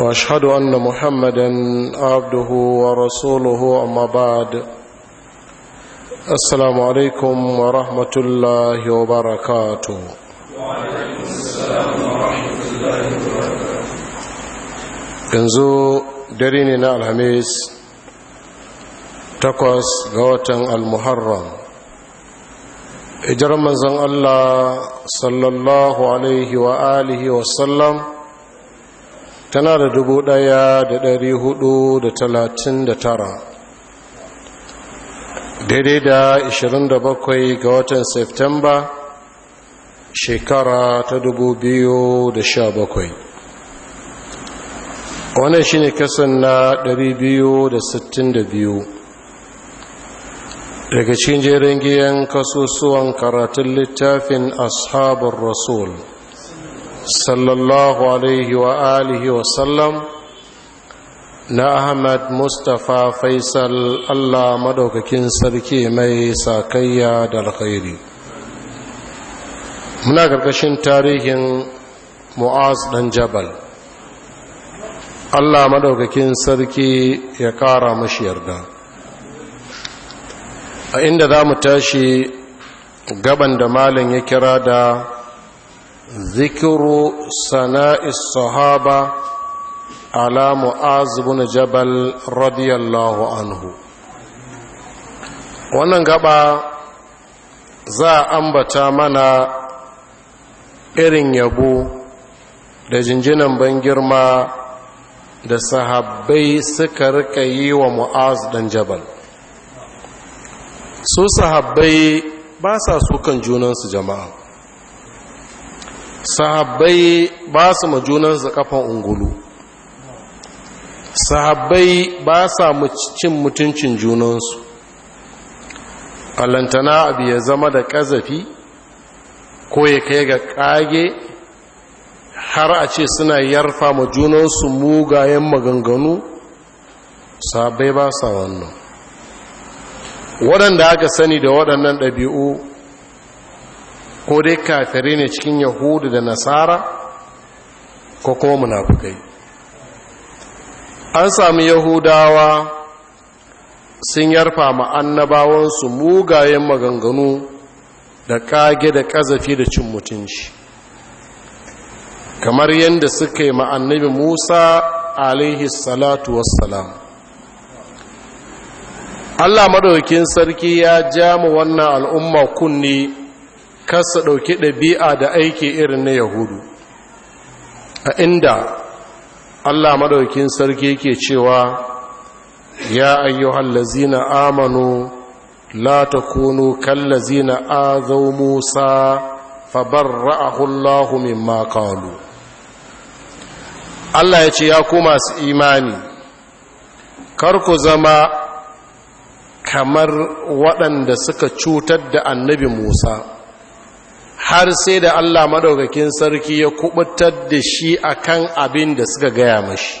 واشهد ان محمدا عبده ورسوله اما بعد السلام عليكم ورحمه الله وبركاته yanzu dare ne na alhamis takwas ga watan almuharram ijar manzon allah sallallahu alaihi wa alihi wasallam tana da dubu ɗaya da dari hudu da talatin da tara daidai da 27 ga watan Septemba shekara ta dubu biyu da sha bakwai. wannan shi ne kasan na dari biyu da sittin da biyu daga cikin jerin giyan kasusuwan karatun littafin ashabar rasul sallallahu alaihi wa alihi wa sallam na ahmad mustapha faisal allah madaukakin sarki mai sakayya da alkhairi muna karkashin tarihin mu'az dan jabal allah madaukakin sarki ya ƙara mashi yarda a inda za mu tashi gaban da malam ya kira da ذكر سناء الصحابة على معاذ بن جبل رضي الله عنه wannan gaba za a ambata mana irin yabo da jinjinan ban girma da sahabbai suka rika yi wa mu'az dan jabal su sahabbai ba sa sukan junansu jama'a sahabbai ba su ma junansu kafan ungulu sahabbai ba sa cin mutuncin junansu alantana abu ya zama da ƙazafi ko ya kai ga ƙage har a ce suna yarfa ma junansu mugayen maganganu sahabbai ba sa wannan waɗanda aka sani da waɗannan ɗabi'u ko dai kafirai ne cikin yahudu da nasara ko kuma munafukai an sami yahudawa sun yarfa ma'annabawansu annabawansu mugayen maganganu da kage da kazafi da cin mutunci kamar yadda suka yi ma'annabi musa alaihi salatu wassalam allah madaukin sarki ya ja mu wannan al'umma kunni kasa ɗauki ɗabi'a da aiki irin na yahudu a inda allah maɗaukin sarki ke cewa ya ayyuhan lazina amanu la ta kunu kallazina azau musa fabar ra'ahullahu min makalu allah ya ce ya ku masu imani kar ku zama kamar waɗanda suka cutar da annabi musa har sai da Allah maɗaukakin sarki ya kubutar da shi a kan abin da suka gaya mashi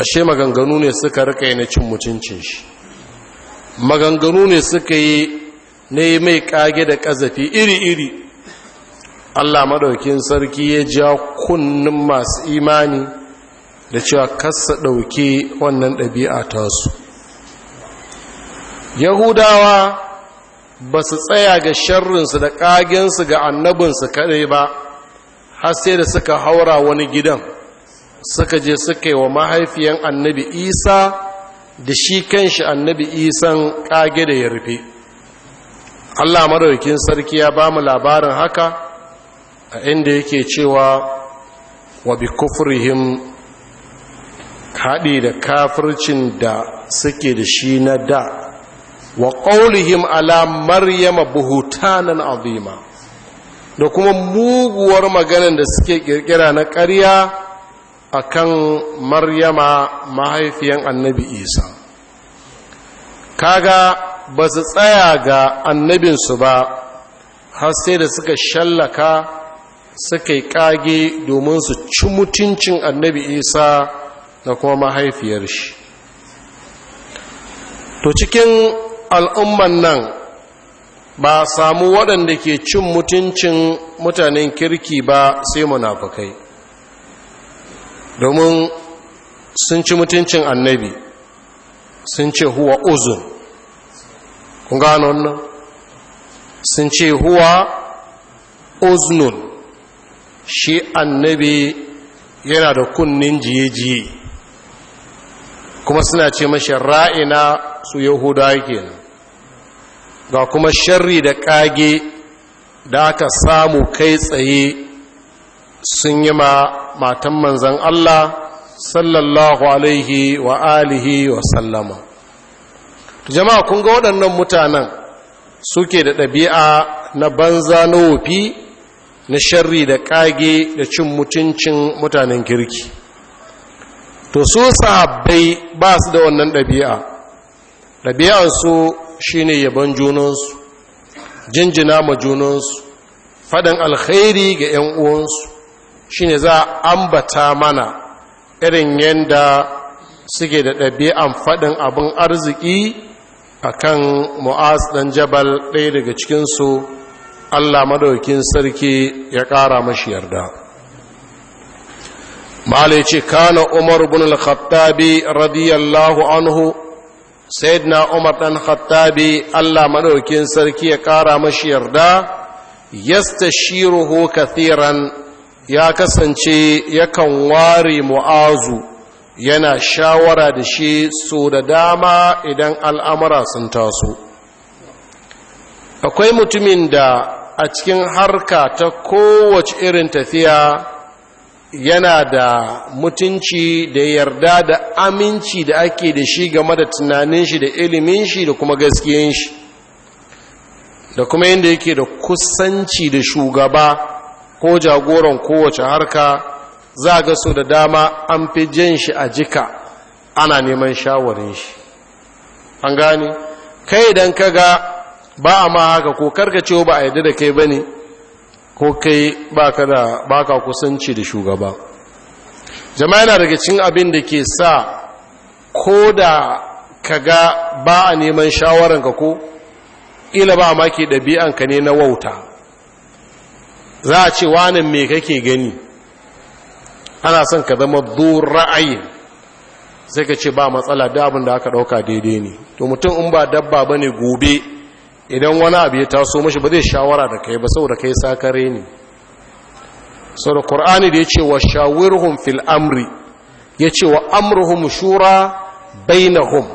ashe maganganu ne suka rika yi na cin mutuncin shi maganganu ne suka yi na yi mai kage da ƙazafi iri-iri Allah maɗaukakin sarki ya ja kunnin masu imani da cewa kasa ɗauke wannan ɗabi'a tasu yahudawa ba su tsaya ga sharrinsu da ƙagensu ga annabinsu kaɗai ba har sai da suka haura wani gidan suka je suka yi wa mahaifiyan annabi isa da shi kanshi annabi isan ƙage da ya rufe allah maraukin sarki ya ba mu labarin haka a inda yake cewa wa bi kufrihim haɗi da kafircin da suke da shi na da wa ƙaunihim ala maryama buhutanan azima da kuma muguwar maganin da suke ƙirƙira na ƙarya a kan maryama mahaifiyan annabi isa kaga ba su tsaya ga annabinsu ba har sai da suka shallaka suka yi kage domin su ci mutuncin annabi isa da kuma mahaifiyar shi to cikin al'umman nan ba samu waɗanda ke cin mutuncin mutanen kirki ba sai munafukai domin sun ci mutuncin annabi sun ce huwa uzun kun gano nan, sun ce huwa uzunun shi annabi yana da kunnin jiye-jiye kuma suna ce mashi ra'ina su yahuda kenan ga kuma sharri da ƙage da aka samu kai tsaye sun yi ma matan manzan Allah sallallahu alaihi wa alihi wa sallama jama'a kun ga waɗannan mutanen suke da ɗabi'a na banza na wofi na sharri da ƙage da cin mutuncin mutanen kirki to su sahabbai ba su da wannan ɗabi'a ɗabi'ansu shine yabon junansu jinjina ma junansu faɗin alkhairi ga 'yan uwansu shine za a ambata mana irin yadda suke da ɗabi'an faɗin abin arziki a kan mu'az ɗan jabal ɗaya daga cikinsu allah madaukin sarki ya ƙara mashi yarda malai ce kana umar bin al-khattabi radiyallahu anhu sayyidina umar dan khattabi Allah madaukin sarki ya kara mashi yarda yastashiruhu kathiran ya kasance yakan ware mu'azu yana shawara da shi so da dama idan al'amura sun taso akwai mutumin da a cikin harka ta kowace irin tafiya yana da mutunci da yarda da aminci da ake da shi game da tunanin shi da ilimin shi da kuma gaskiyan shi da kuma yadda yake da kusanci da shugaba ko jagoran kowace harka za ga so da dama an fi jan shi a jika ana neman shawarin shi an gane kai idan kaga ba a ma haka ko karkacewa ba a yadda da kai ba ne ko kai baka da baka kusanci da shugaba jama'a yana daga cikin abin da ke sa ko da ka ga ba a neman shawaranka ko ila ba ma ke ɗabi'anka ne na wauta za a ce wanan me kake gani ana son ka zama zuwa ra'ayin sai ka ce ba matsala da abin da aka ɗauka daidai ne to mutum in ba dabba ba ne gobe idan wani abu ya taso mashi ba zai shawara da kai ba saboda kai sakare ne saboda qur'ani da yace wa shawirhum fil amri yace wa amruhum shura bainahum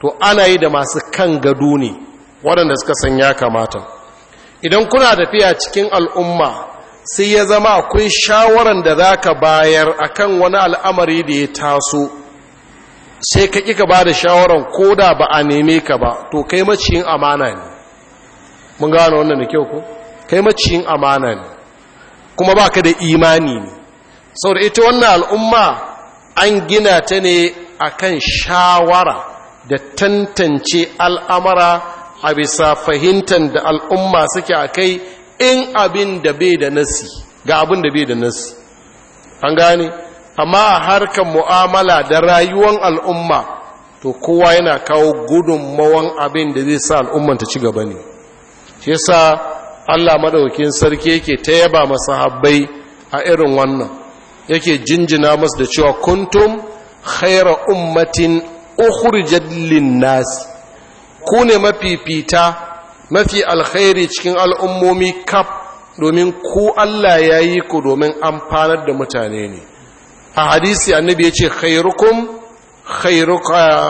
to ana yi da masu kan gado ne waɗanda suka san ya kamata idan kuna tafiya cikin al'umma sai ya zama akwai shawaran da za ka bayar akan wani al'amari da ya taso sai ka ƙi ka ba da shawaran ko da ba a neme ka ba to kai maciyin amana ne mun gano wannan da kyau ko kai maciyin amana ne kuma baka da imani ne saboda ita wannan al'umma an gina ta ne akan shawara da tantance al'amara a bisa fahimtar da al'umma suke a kai in abin da bai da nasi ga abin da bai da nasi an gane amma a harkar mu'amala da rayuwan al'umma to kowa yana kawo gudunmawan abin da zai sa al'umman ta ci gaba ne shi sa Allah maɗaukin sarki yake ta yaba habbai a irin wannan yake jinjina masu da cewa kuntum khaira ummatin ukhrijat jadlin nas ku ne fita, mafi alkhairi cikin al'ummomi kaf domin ku Allah ya yi ku domin amfanar da mutane ne a hadisi annabi ya ce khairukum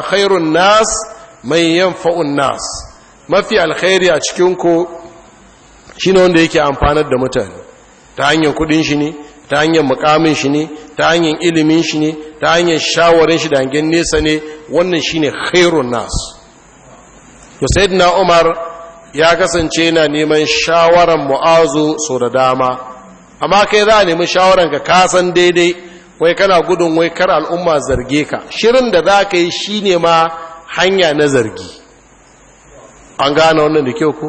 khairun nas mai yanfa'un nas mafi alkhairi a cikinku shi ne wanda yake amfanar da mutane ta hanyar kudin shi ne ta hanyar mukamin shi ne ta hanyar ilimin shi ne ta hanyar shawarin shi da hangen nesa ne wannan shi ne khairun nas to na umar ya kasance yana neman shawaran mu'azu so da dama amma kai za a nemi shawaran ka kasan daidai wai kana gudun wai kar al'umma zarge ka shirin da za ka yi shi ne ma hanya na zargi an gane wannan da kyau ko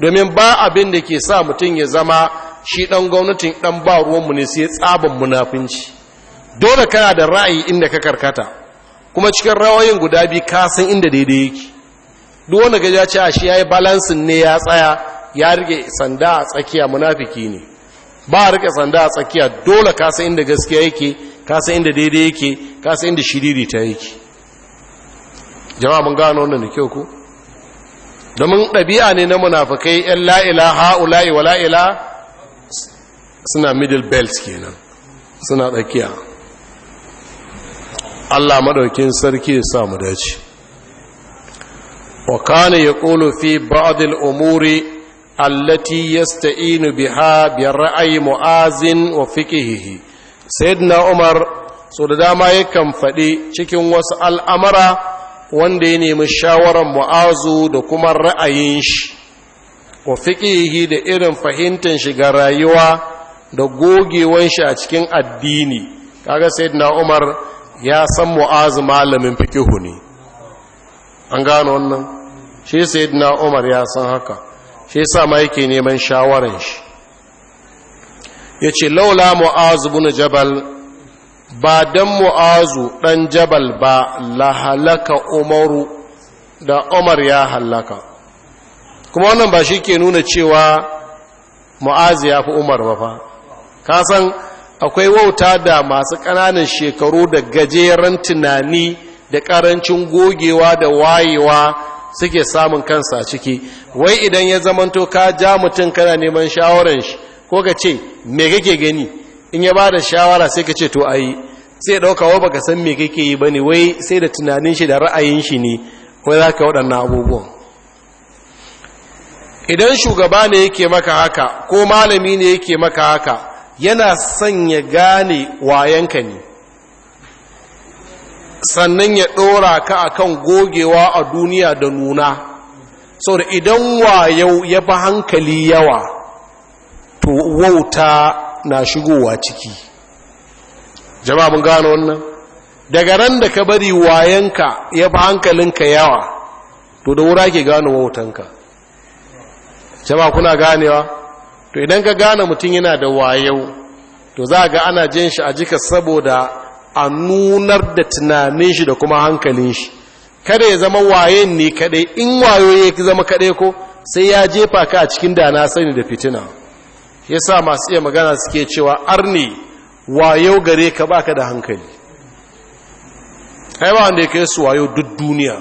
domin ba abin da ke sa mutum ya zama shi ɗan gwamnatin ɗan ba ruwanmu ne sai tsaban munafinci dole kana da ra'ayi inda ka karkata kuma cikin rawayin guda biyu ka san inda daidai yake duk wanda gaja ce a shi yayi balansin ne ya tsaya ya rike sanda a tsakiya munafiki ne ba a rike sanda a tsakiya dole ka san inda gaskiya yake ka san inda daidai yake ka san inda shiriri ta yake jama'a mun gano wannan da kyau ko domin ɗabi'a ne na munafikai ‘yan la'ila ha'ula'i wa la'ila suna middle belt kenan suna ɗakiya. Allah maɗaukin sarki ya samu dace wa ya ƙolo fi ba'adil umuri allati yasta'inu biha biyar ra'ayi mu'azin wa fiƙihihi na umar so da dama yakan faɗi cikin wasu al'amara wanda ya nemi shawarar mu'azu da kuma ra'ayin shi wa fiƙihi da irin fahimtar shiga rayuwa da gogewan shi a cikin addini kaga sayyidina umar ya san mu'azu malamin fiƙihu ne an gano wannan shi sayyidina umar ya san haka shi sa ma yake neman shawarar shi Ya ce laula mu'azu bin jabal ba don mu'azu ɗan jabal ba lahalaka umaru da umar ya halaka kuma wannan ba shi ke nuna cewa mu'azu ya fi umar ba fa kasan akwai wauta da masu ƙananan shekaru da gajeren tunani da ƙarancin gogewa da wayewa suke samun kansa ciki wai idan ya zamanto ka ja mutum kana neman shawaran shi ko ka ce me kake gani in ya ba da shawara sai ka ce to ayi sai ɗauka wa baka san me kake yi ba ne wai sai da tunanin shi da ra'ayin shi ne wai za ka waɗannan abubuwan idan shugaba ne yake maka haka ko malami ne yake maka haka yana son ya gane wayanka ne sannan ya ɗora ka akan gogewa a duniya da nuna da idan wayau ya fi hankali yawa to wauta na shigowa ciki jama'a mun gano wannan daga ran da ka bari wayanka ya ba hankalinka yawa to da wura ke gano wautanka jama'a kuna ganewa to idan ka gane mutum yana da wayau to za ga ana jin shi a jika saboda a nunar da tunanin shi da kuma hankalin shi kada ya zama wayen ne kadai in wayo ya zama kadai ko sai ya jefa ka a cikin dana na sani da fitina yasa masu iya magana suke cewa arni wayo gare ka baka da hankali haiwa wanda kai su wayo duk duniya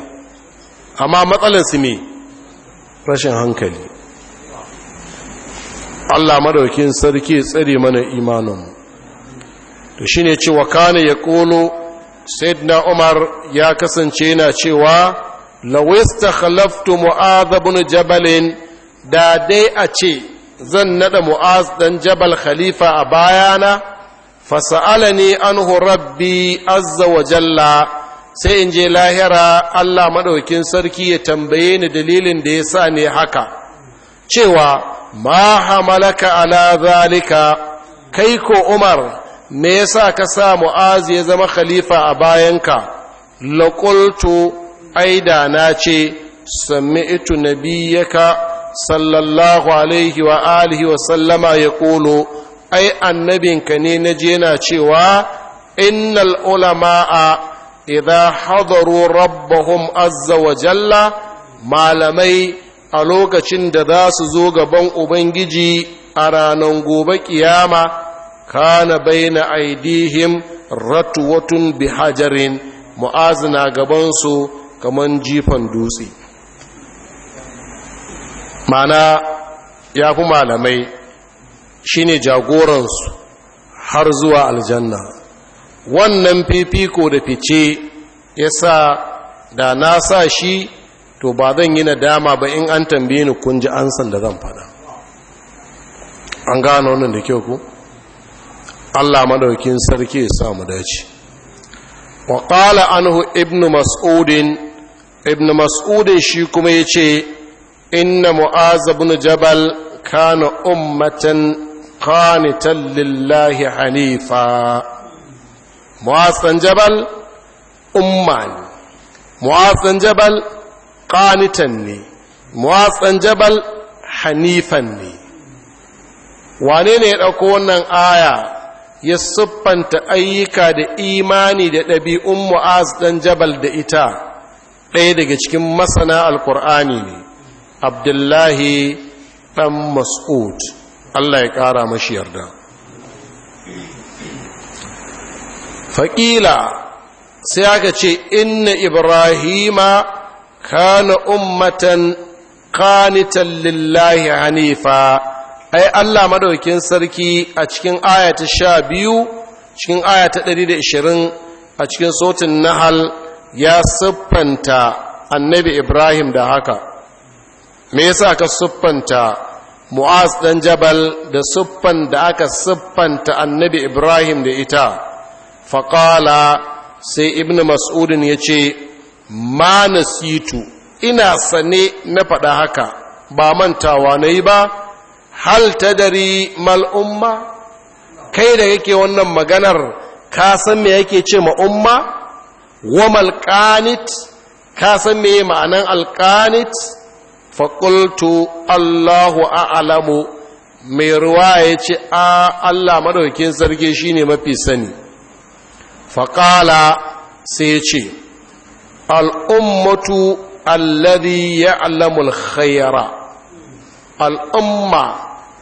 amma su ne rashin hankali Allah madaukin sarki tsare mana imanin da to ne cewa kana ya kono na Umar ya kasance yana cewa lawista khalaftu mu'adh ibn da dai a ce zan naɗa mu'az dan jabal khalifa a bayana fasa'alani anhu rabbi azza wa jalla sai in je lahira Allah madaukin sarki ya tambaye ni dalilin da yasa ne haka cewa ma hamalaka ala zalika kai ko Umar me yasa ka sa Mu'az ya zama khalifa a bayanka laqultu aida na ce sami'tu nabiyyaka sallallahu alaihi wa alihi wa sallama ya ƙolo. ai ka ne na je na cewa innal ulama'a idan hadaru rabbahum azza wa jalla malamai a lokacin da za su zo gaban ubangiji a ranar gobe kiyama kana baina aidihim ratwatun bihajarin mu'azina gabansu kaman jifan dutse mana ya fi malamai shi ne jagoransu har zuwa aljanna wannan fifiko da fice ya sa da na sa shi to ba zan yi nadama ba in an tambaye ni kun ji ansan da zan faɗa an gano wannan da kyau ku allah madaukin sarki ya sa mu dace wa ƙala anhu ibn mas'udin ibn mas'udin shi kuma ya ce inna mu'az ibn jabal kana ummatan qanitan lillahi hanifa mu'az dan jabal umma ne mu'az jabal qanitan ne mu'az jabal hanifan ne wane ne ya dauko wannan aya ya siffanta ayyuka da imani da ɗabi'un mu'az dan jabal da ita ɗaya daga cikin masana alkur'ani ne abdullahi ɗan mas'ud allah ya ƙara mashi yarda faƙila sai aka ce inna ibrahima kana ummatan kanitan lillahi hanifa ai allah maɗaukin sarki a cikin ayata sha biyu cikin ayata ɗari da ishirin a cikin sotin nahal ya siffanta annabi ibrahim da haka me yasa ka siffanta mu'az dan jabal da siffan da aka siffanta annabi ibrahim da ita faƙala sai ibn mas'udin ya ce ma nasitu ina sane na faɗa haka ba mantawa na yi ba hal tadari mal'umma kai da yake wannan maganar ka san me yake ce ma'umma wa malƙanit ka san me ma'anan alkanit faƙultu allahu a'alamu mai ruwa ya ce a allah maɗaukin sarki shine mafi sani faƙala sai ya ce al'ummatu alladhi ya alamul khayara al'umma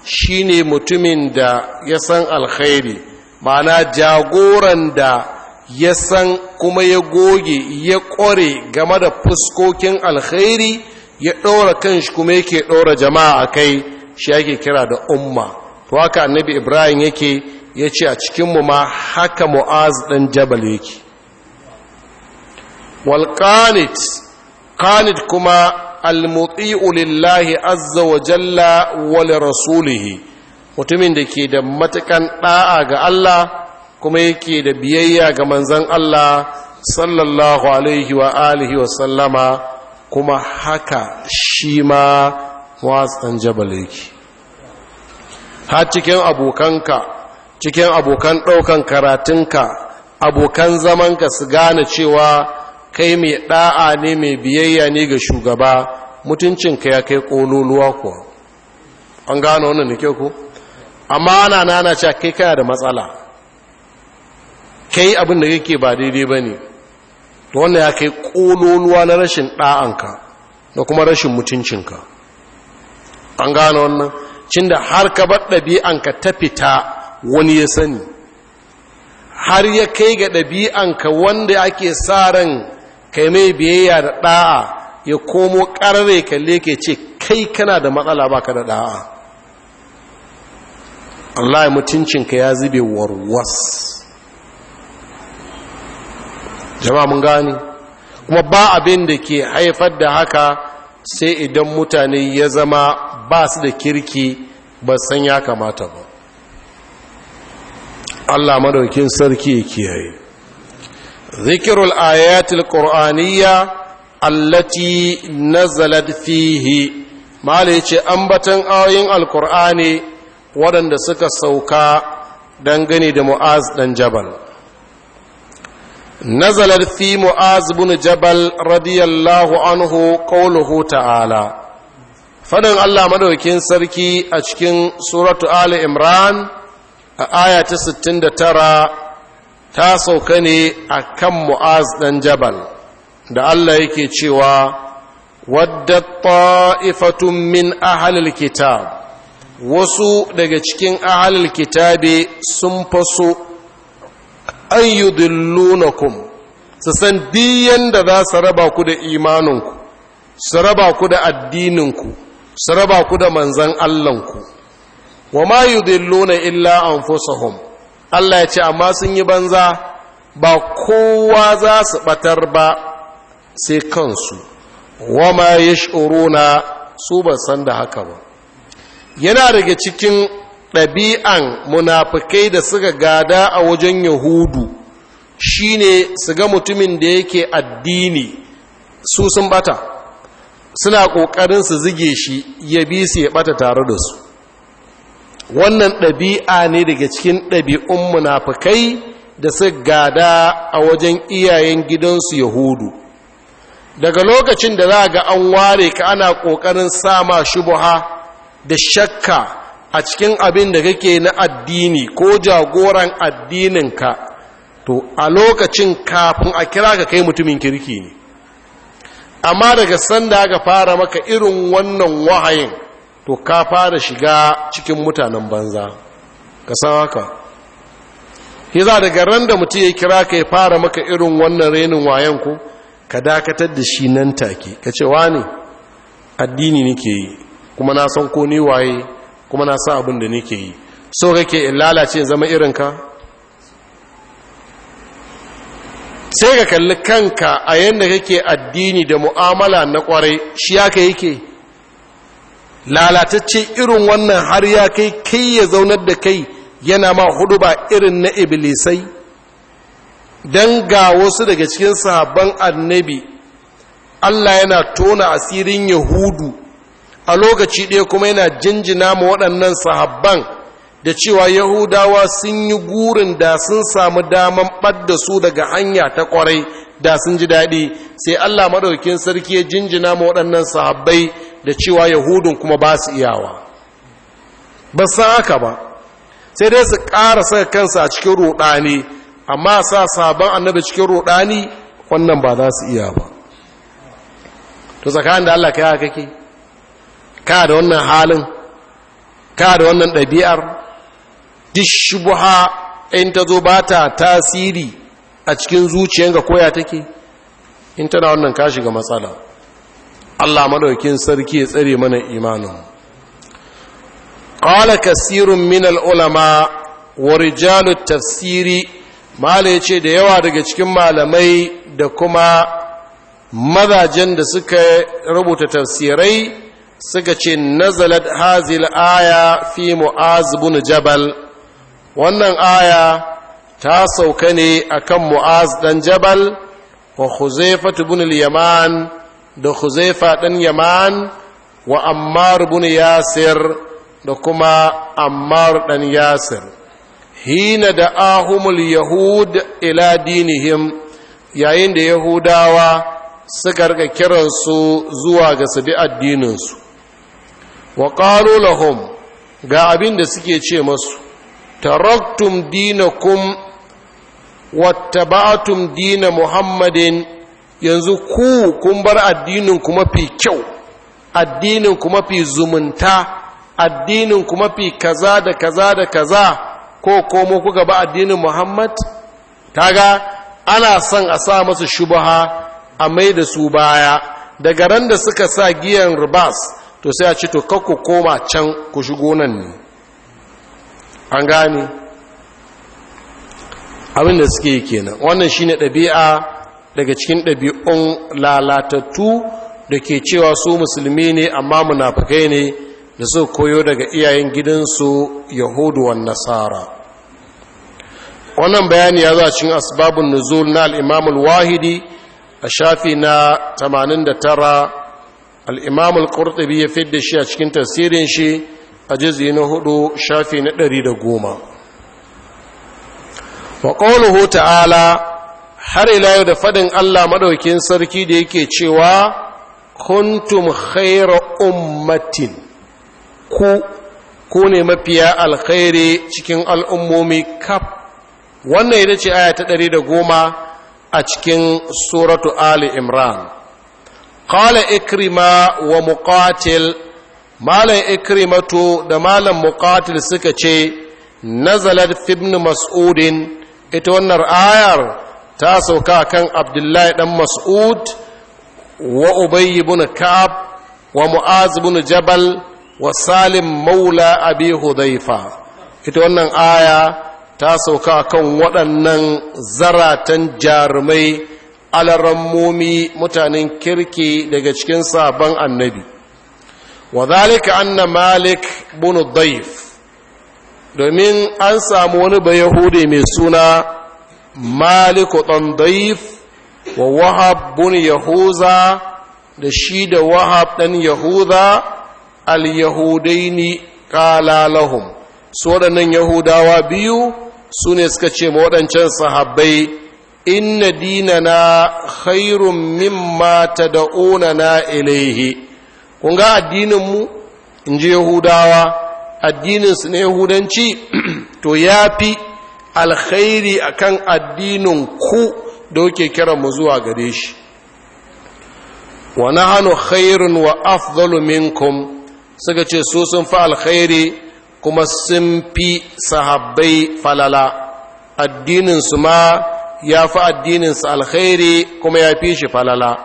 shine mutumin da ya san alkhairi ma'ana jagoran da ya san kuma ya goge ya ƙware game da fuskokin alkhairi ya ɗora kanshi kuma yake ɗora jama'a a kai shi yake kira da umma to haka annabi ibrahim yake ya ce a cikinmu ma haka mu'az ɗan jabal yake walƙanit ƙanit kuma almutsi'u lillahi azza wa jalla wal rasulihi mutumin da ke da matakan ɗa'a ga Allah kuma yake da biyayya ga manzan Allah sallallahu alaihi wa alihi wa sallama kuma haka shi ma watsan jabal yake har cikin abokanka cikin abokan ɗaukan karatunka abokan zamanka su gane cewa kai mai ɗa'a ne mai biyayya ne ga shugaba mutuncinka ya kai ƙololuwa kuwa an gano wannan da kyau ku amma ana nana cewa kai kaya da matsala kai abin da kake ba daidai ba ne da wanda ya kai ƙololuwa na rashin ɗa'anka da kuma rashin mutuncinka an gane wannan cin da har ka bar ɗabi'anka ta fita wani ya sani har ya kai ga ɗabi'anka wanda ake sa ran kai mai biyayya da ɗa'a ya komo ƙarare kalle ke ce kai kana da matsala baka da ɗa'a Allah mutuncinka ya zube warwas jama'a mun gane kuma ba abin da ke haifar da haka sai idan mutane ya zama ba su da kirki ba san ya kamata ba Allah madaukin sarki ya kiyaye zikirul ayatul qur'aniyya allati nazalat fihi mala yace ambatan ayoyin alqur'ani waɗanda suka sauka dangane da mu'az dan jabal nazalar fi mu'az bin jabal radiyallahu anhu qawluhu ta'ala fadin Allah madaukin sarki a cikin suratu ali imran a aya ta tara ta sauka ne a kan mu'az ɗan jabal da Allah yake cewa wadda ta'ifatun min ahalil kitab wasu daga cikin ahalil kitabe sun faso an yi yudillunakum su san diyan da za su raba ku da imaninku su raba ku da addininku su raba ku da manzan Allahnku wa ma yi dillona illa anfusahum Allah ya ce amma sun yi banza ba kowa za su batar ba sai kansu wa ma yash'uruna su ba san da haka ba yana daga cikin ɗabi'an munafukai da suka gada a wajen yahudu shi ne su ga mutumin da yake addini su sun bata suna ƙoƙarin su zige shi ya bi su ya bata tare da su wannan ɗabi'a ne daga cikin ɗabi'un munafukai da suka gada a wajen iyayen gidansu yahudu daga lokacin da za ga an ware ka ana ƙoƙarin sama shubuha da shakka a cikin abin da kake na addini ko jagoran addininka to a lokacin kafin a kira ka kai mutumin kirki ne amma daga sanda aka fara maka irin wannan wahayin to ka fara shiga cikin mutanen banza ka san haka hiza daga ran da mutum ya kira ka ya fara maka irin wannan renin wayan ku ka dakatar da shi nan take ka ce wani addini nake yi kuma na san ko ni waye kuma na sa abin da nake yi so kake in lalace zama irinka sai ka kalli kanka a yadda kake addini da mu'amala na kwarai shi ya yaka yake lalatacce irin wannan har ya kai kai ya zaunar da kai yana ma hudu ba irin na iblisai don ga wasu daga cikin sabon annabi Allah yana tona asirin yahudu a lokaci ɗaya kuma yana jinjina ma waɗannan sahabban da cewa yahudawa sun yi gurin da sun samu daman ɓadda su daga hanya ta ƙwarai da sun ji daɗi sai allah maɗaukin sarki ya jinjina ma waɗannan sahabbai da cewa yahudun kuma ba su iyawa ba san haka ba sai dai su ƙara saka kansu a cikin ruɗani amma sa sabon annabi cikin ruɗani wannan ba za su iya ba to tsakanin da allah kai haka kake ka da wannan halin ka da wannan ɗabi'ar duk shubuha in ta zo ba ta tasiri a cikin ga koya take in tana wannan kashi ga matsala Allah madaukin sarki ya tsare mana imanin qala kasirun minal ulama wa rijalu tafsiri mala yace da yawa daga cikin malamai da kuma mazajen da suka rubuta tafsirai suka ce nazalat hazil aya fi mu'az bin jabal wannan aya ta sauka ne akan mu'az dan jabal wa huzaifa bin yaman da huzaifa dan yaman wa ammar bin yasir da kuma ammar dan yasir hina da ahumul yahud ila dinihim yayin da yahudawa suka rika kiransu zuwa ga su bi addininsu wa ƙaro lahum ga abin da suke ce masu taraktum dinakum wattaba'tum dina muhammadin yanzu ku kun bar addinin kuma mafi kyau addinin kuma mafi zumunta addinin kuma mafi kaza da kaza da kaza ko komo ku gaba addinin muhammad Ta ga, ana son a sa masu shubaha a mai da su baya daga ran da suka sa giyan ribas to sai a ci to kakku koma can ku shigo nan ne an gane da suke kenan wannan shine ɗabi'a daga cikin ɗabi'un lalatattu da ke cewa su musulmi ne amma munafukai ne da su koyo daga iyayen gidansu yahudu wa nasara wannan bayani ya zo cikin asbabun nuzul na al wahidi a shafi na 89 al-imam al-qurtubi ya fidda shi a cikin tasirin shi a juz'i na hudu shafi na ɗari 110 wa qawluhu ta'ala har ila yau da fadin Allah maɗaukin sarki da yake cewa kuntum khayra ummatin ku ku ne mafiya alkhairi cikin al'ummomi kaf wannan yana ce aya ta ɗari da goma a cikin suratu ali imran qala ikrima wa muqatil malam ikrimatu da malam muqatil suka ce nazalat fi ibn mas'udin ita wannan ayar ta sauka kan abdullahi dan mas'ud wa ubay ibn ka'ab wa mu'az ibn jabal wa salim maula abi hudhaifa ita wannan aya ta sauka kan waɗannan zaratan jarumai alarammomi mutanen kirki daga cikin sabon annabi wa zalika anna malik bin daif domin an samu wani bayahude mai suna maliku dan wa wahab bin yahuza da shi da wahab dan yahuza al-yahudaini qala lahum su waɗannan yahudawa biyu sune suka ce ma waɗancan sahabbai inna dinana khairun mimma tad'unana ilayhi kun ga addinin mu in je yahudawa addinin su ne yahudanci to yafi alkhairi akan addinin ku da kuke kira mu zuwa gare shi wa nahnu khairun wa afdalu minkum suka ce su sun fa alkhairi kuma sun fi sahabbai falala addinin su ma ya fi addinin addininsa alkhairi kuma ya fi shi falala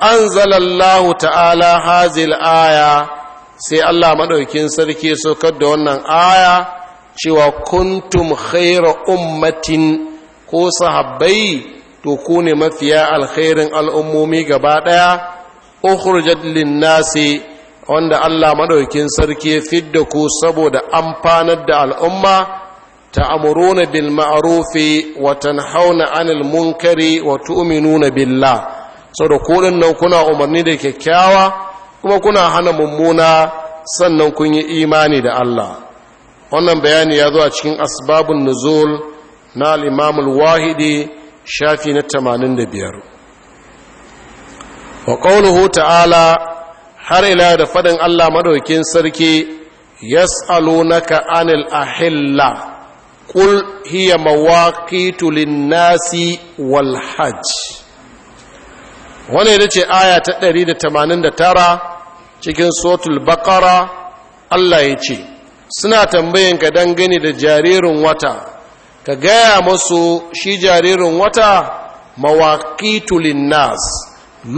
anzalallahu ta'ala hazil aya sai Allah maɗaukin sarki saukar da wannan aya cewa kuntum khaira ummatin ko sahabbai to ku ne mafiya alkhairin al'ummomi gaba ɗaya ukhrijat nasi wanda Allah maɗaukin sarki fidda ku saboda amfanar da al'umma ta'muruna bil ma'rufi wa tanhauna 'anil munkari wa tu'minuna billah saboda ku nan kuna umarni da kyakkyawa kuma kuna hana mummuna sannan kun yi imani da Allah wannan bayani ya zo a cikin asbabun nuzul na al wahidi shafi na 85 wa qawluhu ta'ala har ila da faɗin Allah maɗaukin sarki yas'alunaka anil ahilla qul hiya mawaqitu lin-nasi wal hajj wannan ce aya ta cikin suratul baqara Allah ya ce suna tambayan ka dangane da jaririn wata ka gaya musu shi jaririn wata mawaqitu nas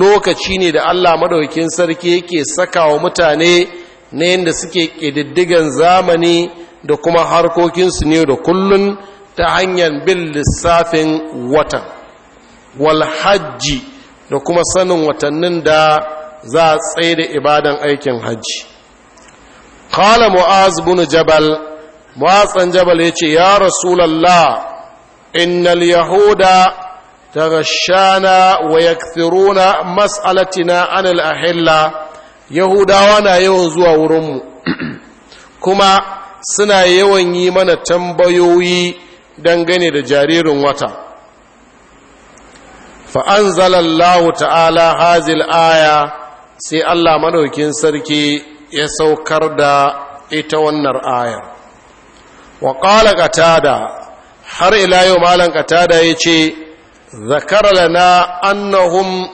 lokaci ne da Allah madaukakin sarki yake sakawa mutane ne yadda suke ƙididdigan zamani da kuma harkokinsu ne da kullun ta hanyar bin lissafin watan walhajji da kuma sanin watannin da za a tsaye da ibadan aikin hajji kala mu'az bin jabal mu'azan jabal ya ce ya rasulallah innal yahuda tagashana wa yakthiruna mas'alatina anil ahilla yahudawa na yawan zuwa wurinmu kuma suna yawan yi mana tambayoyi dangane da jaririn wata fa'anzalallahu ta'ala hazil aya sai Allah manaukin sarki ya saukar da ita wannan ayar wa ƙala katada har ila yau malan katada ya ce zakar na, annahum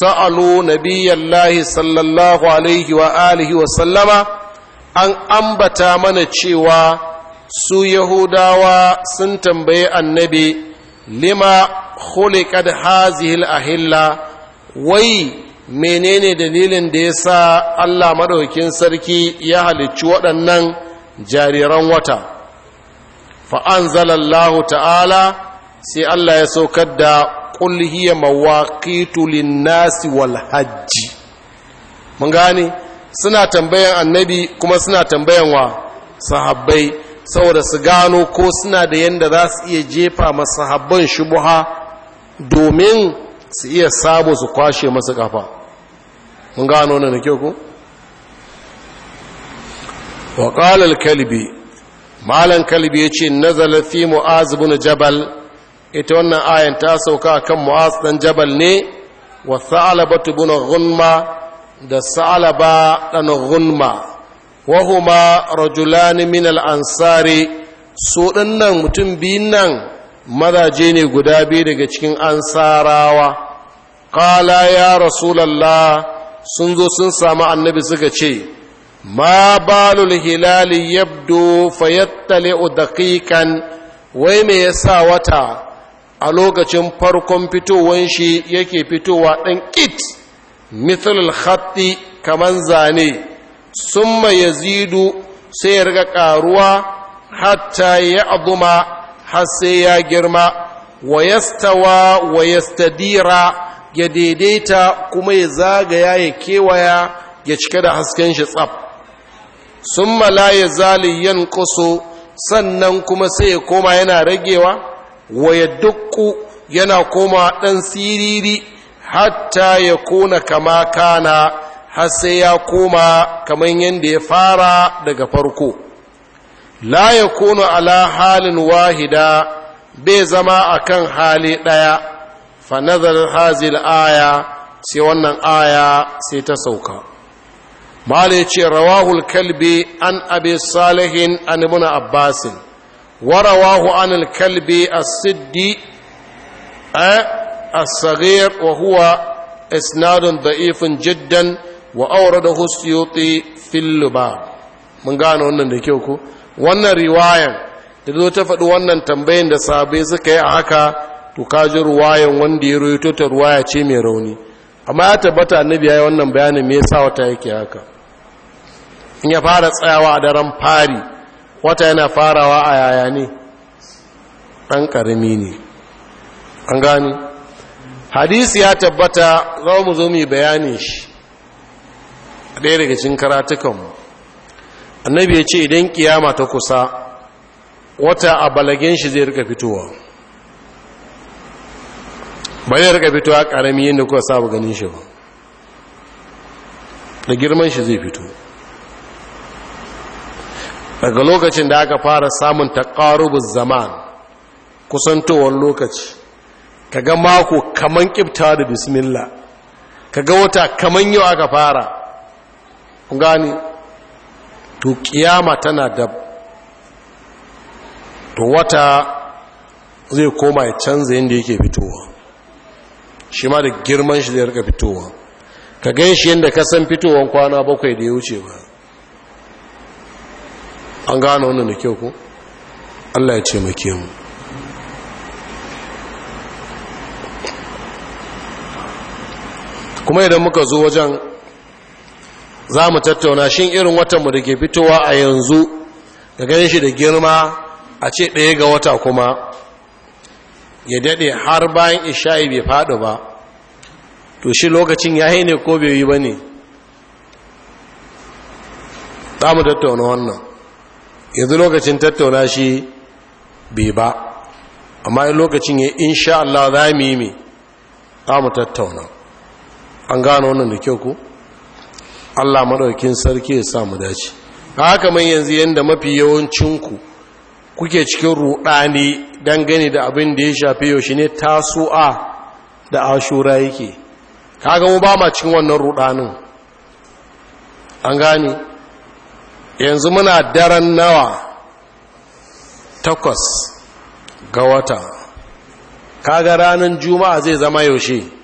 sa'alu lahi, sallallahu alaihi wa wa sallama an ambata mana cewa su yahudawa sun tambaye annabi lima khuliqat hazihil ahilla wai menene dalilin da yasa Allah madaukakin sarki ya halicci waɗannan jariran wata fa Allah ta'ala sai Allah ya saukar da qul hiya mawaqitu lin-nasi wal hajji mun gane suna tambayan annabi kuma suna tambayan wa sahabbai saboda su gano ko suna da yadda za su iya jefa masahabban shubuha domin su iya sabo su kwashe masu kafa mun gano na kyau ko wa kalbi kalbi malan kalbi ya ce nazala fi mu'az bin jabal ita wannan ayan ta sauka kan mu'az dan jabal ne wa sa'alabatu bin ghunma da salaba ɗan gunma wahuma rajulani min al'ansari su nan mutum biyun nan mazaje ne guda biyu daga cikin ansarawa ƙala ya rasulallah sun zo sun samu annabi suka ce ma balul hilali yabdo fayattale daƙiƙan wai me yasa wata a lokacin farkon fitowar shi yake fitowa ɗan kit. mithlul khatti kaman zane summa yazidu sai ya riga karuwa hatta ya azuma har sai ya girma wa yastawa ya daidaita kuma ya zagaya ya kewaya ya cike da hasken shi tsaf summa zali yazali yanqusu sannan kuma sai ya koma yana ragewa wa dukku yana koma ɗan siriri hatta ya kuna kama kana har sai ya koma kamar yadda ya fara daga farko la ya kuna ala halin wahida bai zama akan hali ɗaya fa nazar hazil aya sai wannan aya sai ta sauka mala ya ce rawahul kalbi an abi salihin an ibn abbasin wa rawahu an kalbi as-siddi eh? الصغير وهو اسناد ضعيف جدا واورده السيوطي في اللباب من da kyau ko wannan رواية da zo ta faɗi wannan tambayin da sabai suka yi a haka to ka ji ruwayan wanda ya roito ta ruwaya ce mai rauni amma ya tabbata annabi ya wannan bayanin me yasa wata yake haka in ya fara tsayawa a daren fari wata yana farawa a yaya ne ɗan ƙarami ne an gani hadisi ya tabbata za mu zo mu bayanin shi a ɗaya daga cikin karatukanmu annabi ya ce idan kiyama ta kusa wata a balagen shi zai rika fitowa ba zai rika fitowa ƙarami yadda kuka saba ganin shi ba da girman shi zai fito daga lokacin da aka fara samun taƙarubin zaman kusantowar lokaci kaga mako kaman kibta da bismillah kaga wata kaman yau aka fara kun to kiyama tana da to wata zai koma ya canza yadda yake fitowa shi ma da girman shi zai rika fitowa ka gan shi yadda ka san fitowar kwana bakwai da ya wuce ba an gano wannan da kyau ku allah ya ce mu kuma idan muka zo wajen za mu tattauna shi irin watanmu da ke fitowa a yanzu ga ganin shi da girma a ce ɗaya ga wata kuma ya daɗe har bayan isha'i bai faɗo ba to shi lokacin ya ne ko bai yi ba ne za mu tattauna wannan yanzu lokacin tattauna shi bai ba amma lokacin ya sha Allah za mu yi mai za mu tattauna an gano wannan da kyau ko Allah madaukakin sarki ya sa mu dace haka man yanzu yanda mafi yawancin ku kuke cikin rudani dangane da abin da ya shafi yaushe ne tasu'a da ashura yake kaga mu ba ma cikin wannan rudanin an gane yanzu muna daren nawa takwas ga wata kaga ranar juma'a zai zama yaushe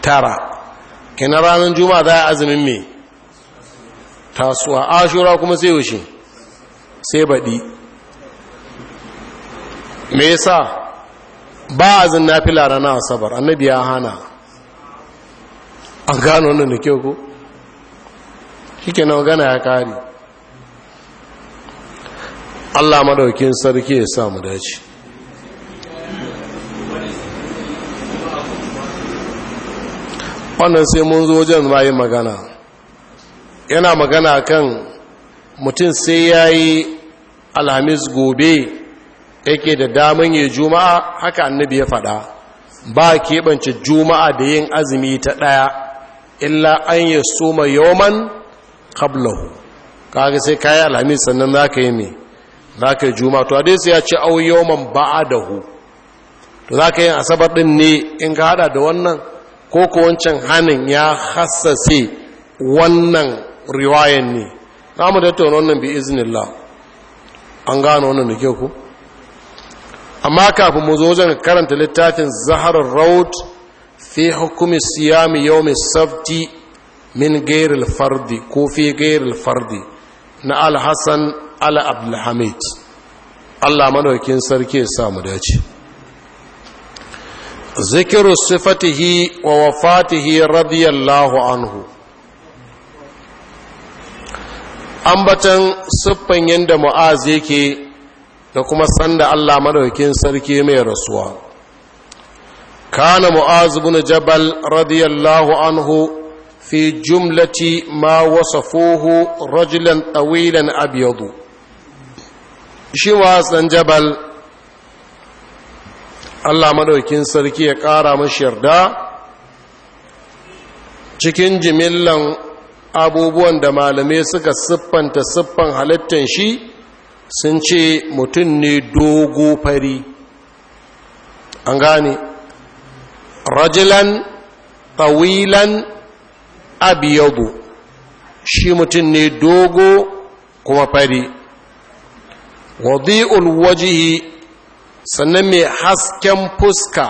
tara kina ranar juma'a za a azumin me tasuwa ashura kuma sai yaushe sai baɗi me yasa ba azin nafila na asabar annabi ya hana an gano wannan da kyau ko shike na gana ya kare Allah madaukin sarki ya samu dace wannan sai mun zo wajen yi magana yana magana kan mutum sai ya yi alhamis gobe yake da daman yi juma'a haka annabi ya faɗa ba keɓance juma'a da yin azumi ta ɗaya illa an yi soma yawman kablahu kaga sai ka yi alhamis sannan za ka yi mai za ka yi juma'a to dai ya ce au yawman ba'a da to za ka yi asabar ɗin ne in ka hada da wannan ko ko wancan hannun ya hassase wannan riwayen ne za mu tattauna wannan bi iznillah an gano wannan da ke ku amma kafin mu zo wajen karanta littafin zaharar raut fi hukumi siyami yau mai safti min gairil fardi ko fi gairil fardi na alhassan ala abdulhamid allah madaukin sarki ya samu dace zikiru sifatihi wa wafatihi radiyallahu anhu ambatan siffan yadda mu'az yake da kuma sanda Allah madaukin sarki mai rasuwa kana mu'az ibn jabal radiyallahu anhu fi jumlati ma wasafuhu rajulan tawilan abyadu shi wa jabal Allah madaukin sarki ya ƙara mashi yarda cikin jimillan abubuwan da malamai suka siffanta siffan halittar shi sun ce mutum ne dogo fari an gane rajilan tawilan abiyabu shi mutum ne dogo kuma fari wadi'ul wajihi sannan mai hasken fuska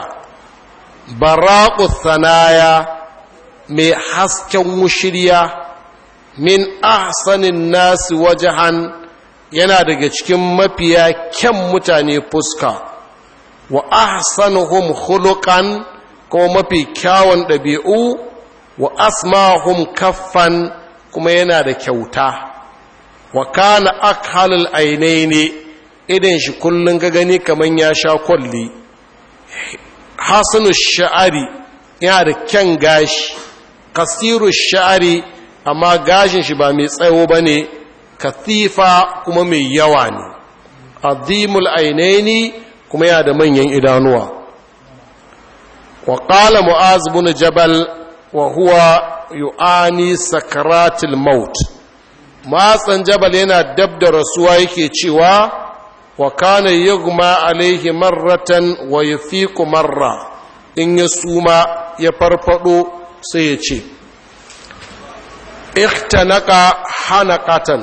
baraku sanaya mai hasken wushirya min ahsanin nasi wajahan yana daga cikin mafiya kyan mutane fuska wa ahsanuhum hulukan kuma mafi kyawun ɗabi'u wa asmahum kaffan kuma yana da kyauta wa kana akhalul ne. idan shi kullum ga gani kamar ya sha kwalli hasanu sha'ari yana da kyan gashi kasiru sha'ari amma gashin shi ba mai tsawo ba ne katifa kuma mai yawa ne azimul ainaini kuma yana da manyan idanuwa wa ƙala mu'az jabal wa huwa yu'ani sakaratul maut matsan jabal yana dab da rasuwa yake cewa wa kana yugma alaihi marratan wa yufiqu marra in ya suma ya farfado sai ya ce hana hanaqatan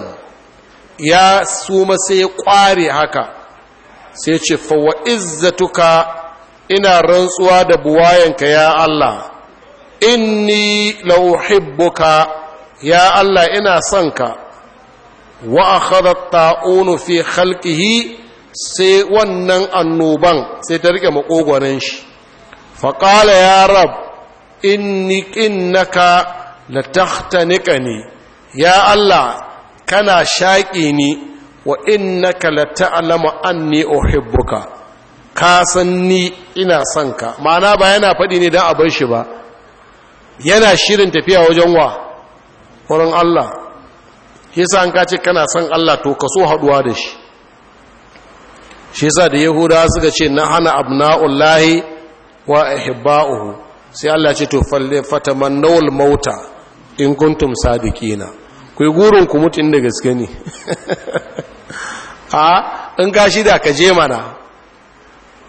ya suma sai ya ƙware haka sai ce fa wa izzatuka ina rantsuwa da buwayenka ya Allah inni la uhibbuka ya Allah ina son ka wa akhadha at-ta'unu fi khalqihi sai wannan annoban sai ta rike makogonin shi faƙala ya rab inni ƙinnaka la tahtanika ne ya Allah kana shaƙi ni wa innaka la ta'lamu anni uhibbuka ka san ni ina son ka ma'ana ba yana faɗi ne don a bar shi ba yana shirin tafiya wajen wa wurin Allah yasa an ka ce kana son Allah to ka so haɗuwa da shi shi yasa da yahuda suka ce na hana abna'ullahi wa ihba'uhu sai Allah ce to nawal mauta in kuntum sadiqina ku yi gurin ku mutun da gaske ne a in ga shi da ka je mana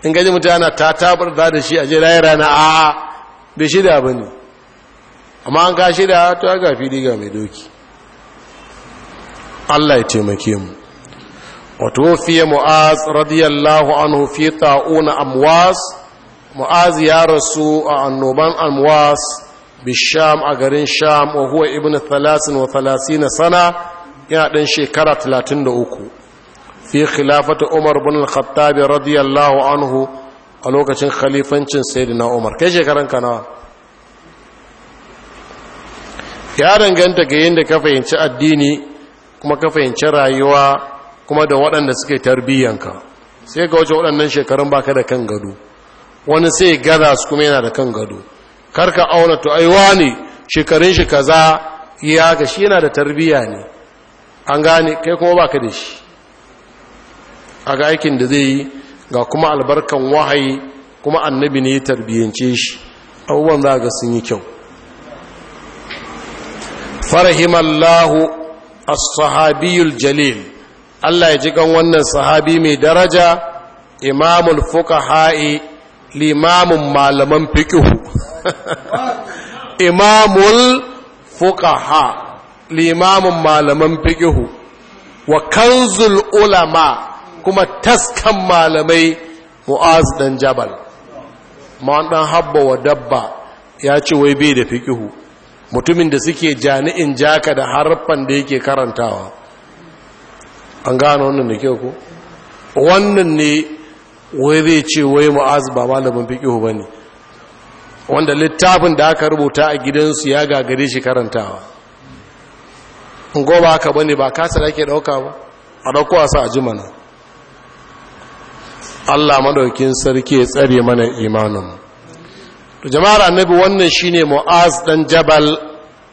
in gaji mutane ta tabar da shi a je layara na a da shida ba ne amma an shi da ga fidi ga mai doki Allah ya taimake mu وتوفي معاذ رضي الله عنه في طاعون أمواس معاذ يا رسول النوبان أمواس بالشام أغرين شام وهو ابن ثلاث وثلاثين سنة يعني شكرة ثلاثين دوكو في خلافة عمر بن الخطاب رضي الله عنه ألوكة خليفة سيدنا عمر كيف شكرا كنا ya danganta ga yadda ka fahimci addini kuma ka fahimci rayuwa kuma da waɗanda suke tarbiyyanka sai ga wajen waɗannan shekarun baka da kan gado wani sai gada su kuma yana da kan gado karka auna to aiwa ne shekarun shi kaza ya ga shi yana da tarbiyya ne an gane kai kuma baka da shi a ga aikin da zai yi ga kuma albarkan wahayi kuma annabi ne ya tarbiyyance shi abubuwan za ga sun yi kyau farahimallahu as-sahabiyul jalil Allah ya ji kan wannan sahabi mai daraja imamul fuqaha'i limamin malaman fiqhu imamul fuqaha limamin malaman fiqhu wa kanzul ulama kuma taskan malamai mu'az dan jabal ma dan habba wa dabba ya ce wai bai da fiqhu mutumin da suke jani'in jaka da harfan da yake karantawa an gano wannan da kyau ko wannan ne wai zai ce wai mu'azu ba malamin ba bane wanda littafin da aka rubuta a gidansu ya gagare shi karantawa ba ka bane ba kasa da dauka ba a dauko a sa ji mana Allah madaukin sarki ya tsare mana imanin to jama'ar annabi wannan shine mu'az dan jabal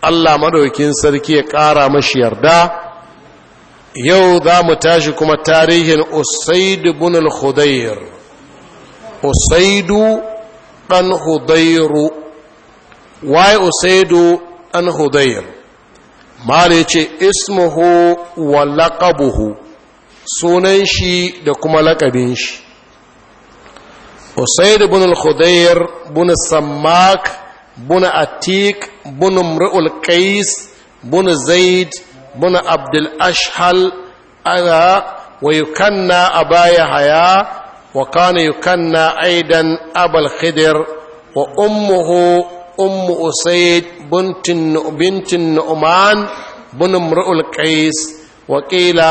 Allah madaukin sarki ya kara mashi yarda yau za mu tashi kuma tarihin usaidu bin al usaidu dan hudayru wai usaidu dan hudayr mare ce ismuhu wa laqabuhu sunan shi da kuma laƙabin shi usaidu bin al-hudayr sammak bin atik bun mru'ul qais bin zaid muna abdul-ashhal ana wa yukanna a baya wa kana yukanna bintin nu'man bin mur'ul wa qila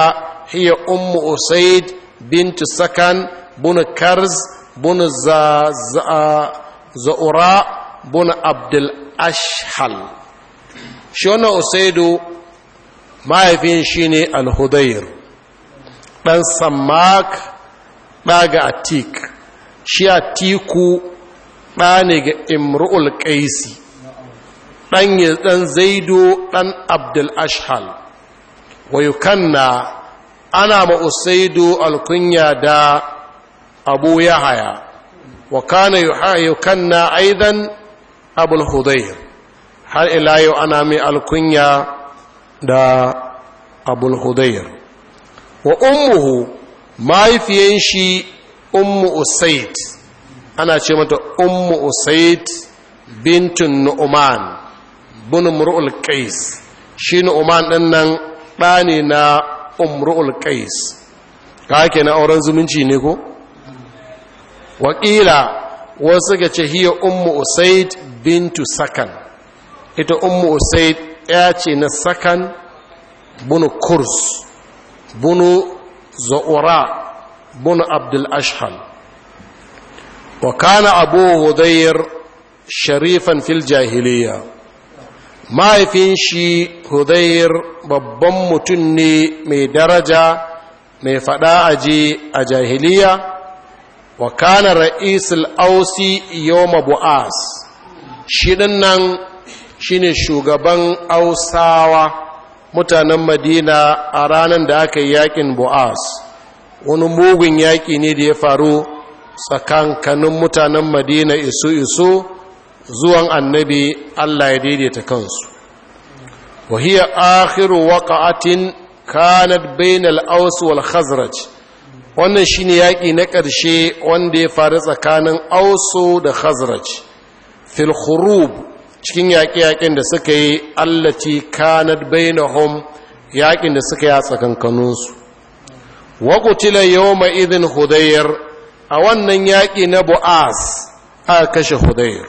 hiya ummu usaid bint sakan bin karz bin za za'ura bin abdul mahaifin shi ne alhudayir ɗan sammak ɗaga atik shi atiku ɗa ne ga imru'ul ƙaisi ɗan ya ɗan zaido ɗan abdul wayukanna ana ma usaidu alkunya da abu yahaya wa kana yukanna aidan abul hudayr har ila yau ana mai alkunya da abul hudayr wa ummuhu mahaifiyan shi ummu usaid ana ce mata ummu usaid bintun nu'man bin mur'ul qais shi nu'man din nan ɗani na umrul qais ka ke na auren zumunci ne ko waƙila wasu ga ce hiya ummu usaid bintu sakan ita ummu usaid ya ce na sakan bunu kurs bunu za'ura bunu abdul ashhal wa kana abu hudayr sharifan fil jahiliya mahaifin shi hudayr babban mutum ne mai daraja mai fada aji a jahiliya wa kana ra'isul ausi yawma bu'as shi nan shine shugaban ausawa mutanen madina a ranar da aka yi yakin bu'as wani mugun yaƙi ne da ya faru tsakankanin mutanen madina isu isu zuwan annabi allah ya daidaita kansu wahiyya akhiru waƙa'atin kanat bainal aus wal khazraj wannan shine yaƙi na ƙarshe wanda ya faru tsakanin ausu da khazraj fil khurub cikin yaƙe-yaƙen da suka yi allaci kanad bainahum yaƙin da suka yi a tsakankaninsu waƙutila yau ma'idin hudayar a wannan yaƙi na bu'as a kashe hudayar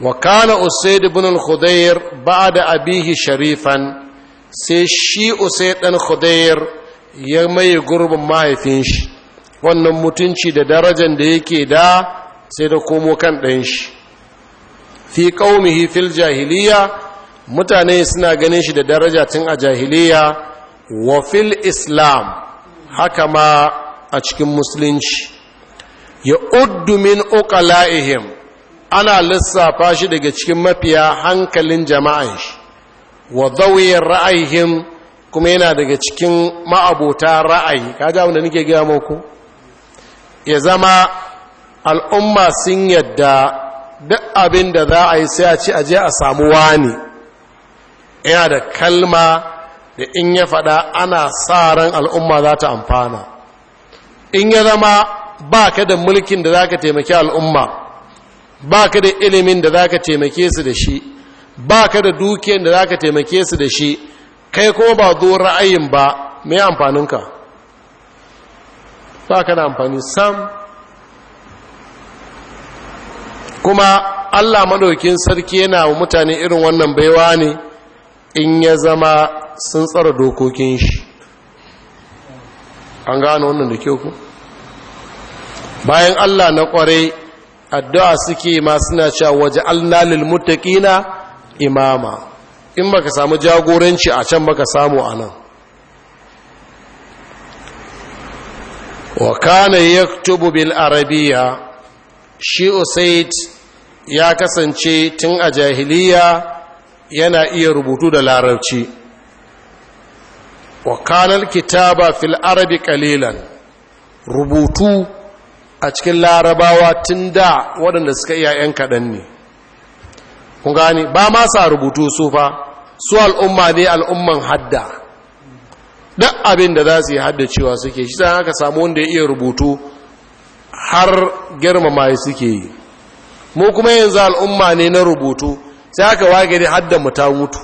wa kana usaid ibn al-hudayr ba'da abihi sharifan sai shi usaid dan hudayr ya mai gurbin mahaifin shi wannan mutunci da darajar da yake da sai da komo kan ɗan shi fi ƙaumihi fil jahiliya mutane suna ganin shi da daraja tun a jahiliya wa fil islam haka ma a cikin musulunci ya uddu min ana lissafa shi daga cikin mafiya hankalin jama'an shi wa zawiyar ra'ayihim kuma yana daga cikin ma'abota ra'ayi kaji abin da nake gaya muku ya zama al'umma sun yadda duk abin da za a yi sai a ce aje a samu wani yana da kalma da in ya faɗa ana sa ran al'umma za ta amfana in ya zama ba ka da mulkin da za ka taimaki al'umma ba ka da ilimin da za ka taimake su da shi ba ka da dukiyar da za ka taimake su da shi kai kuma ba zo ra'ayin ba mai amfaninka ba ka da amfani sam kuma Allah maɗaukin sarki yana wa mutane irin wannan baiwa ne in ya zama sun tsara dokokin shi an gano wannan da kyau ku bayan Allah na kwarai, addu'a suke ma suna cewa waje allalil mutaƙina imama in baka samu jagoranci a can baka samu a nan wa kana yaktubu bil arabiya shi usaid ya kasance tun a jahiliya yana iya rubutu da larabci wakanar kitaba fil arabi kalilan rubutu a cikin larabawa tun da waɗanda suka iya 'yan kaɗan ne kun gani ba ma sa rubutu su fa su al'umma ne al'umman hadda duk abin da za su yi hadda cewa suke shi ta haka samu wanda ya iya rubutu har girmama suke yi mu kuma yanzu al'umma ne na rubutu sai aka wage da hadda muta mutu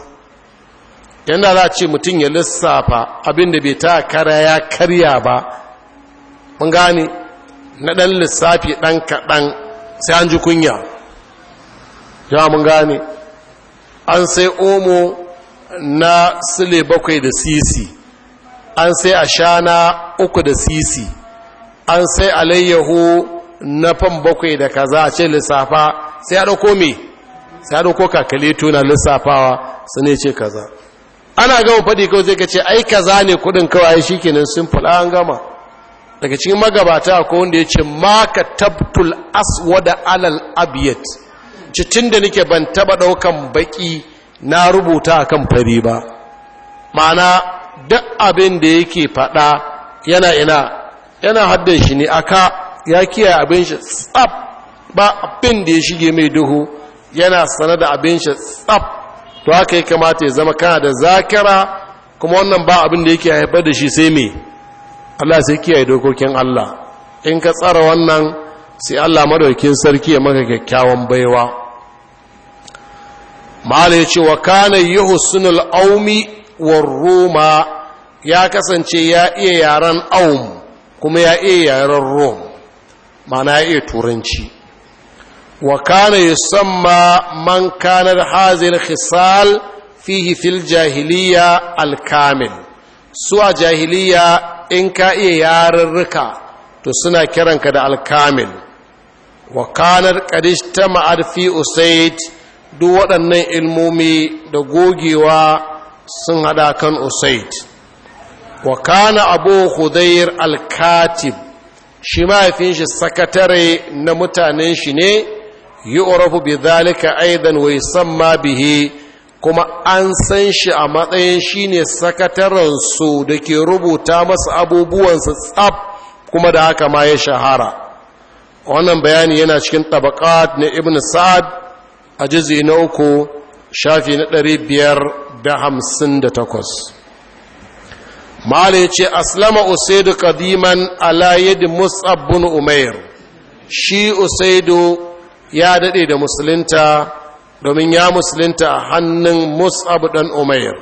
yanda za a ce mutum ya lissafa abinda bai ta kara ya karya ba mun gane na ɗan lissafi ɗan kaɗan sai an ji kunya ya mun gane an sai omo na sile bakwai da sisi an sai ashana uku da sisi an sai alayyahu na fan bakwai da kaza a ce lissafa sai ya ɗauko sai ya ɗauko kakali tuna lissafawa su ne ce kaza ana gama faɗi kawai zai kace ce ai kaza ne kuɗin kawai shi kenan simple an gama daga cikin magabata ko wanda ya ce maka tabtul aswada alal abiyat cikin da nake ban taba ɗaukan baƙi na rubuta kan fari ba ma'ana duk abin da yake faɗa yana ina yana haddan shi ne aka ya kiyaye abin shi tsab ba abin da ya shige mai duhu yana sanar da abin shi tsab to haka ya kamata ya zama kana da zakara. kuma wannan ba abin da yake haifar da shi sai mai Allah sai kiyaye dokokin Allah in ka tsara wannan sai Allah madaukin sarki ya maka kyakkyawan baiwa mala ya ce wa kana yuhsinul aumi war ruma ya kasance ya iya yaren aum kuma ya iya yaren rom mana ya iya turanci wa kana yusamma man kana da hazil khisal fihi fil jahiliya alkamil su a jahiliya in ka iya yarurruka to suna kiranka da alkamil wa kana kadishta ma'arfi usaid duk waɗannan ilmomi da gogewa sun hada kan usaid wa kana abu al alkatib shi mahaifin shi sakatare na mutanen shi ne yi orafu bi zalika aidan wai san ma bihi kuma an san shi a matsayin shi ne sakatarensu da ke rubuta masa abubuwansa tsab kuma da haka ma ya shahara wannan bayani yana cikin tabakat na ibn sa'ad a jizi na uku shafi na 558 mala ce aslama usaidu kadiman Alayyadi yadi Bun umair shi usaidu ya daɗe da musulunta domin ya musulunta a hannun mus'ab ɗan umair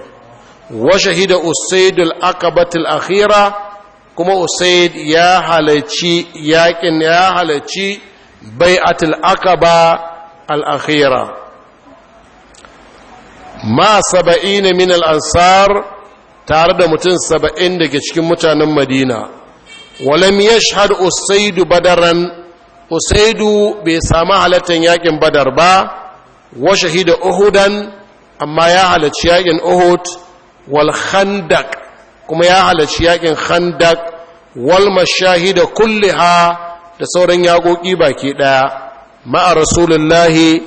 wa shahida usaidu al akhira kuma usaid ya halarci yakin ya halarci bai'atul akaba al-akhira ma saba'ina min al'ansar. ansar tare da mutum saba'in daga cikin mutanen madina walam yashhad usaidu badaran usaidu bai sami halartar yakin badar ba wa shahida uhudan amma ya halarci yakin uhud wal kuma ya halarci yakin handak wal mashahida kulliha da sauran yakoki baki daya ma'a rasulullahi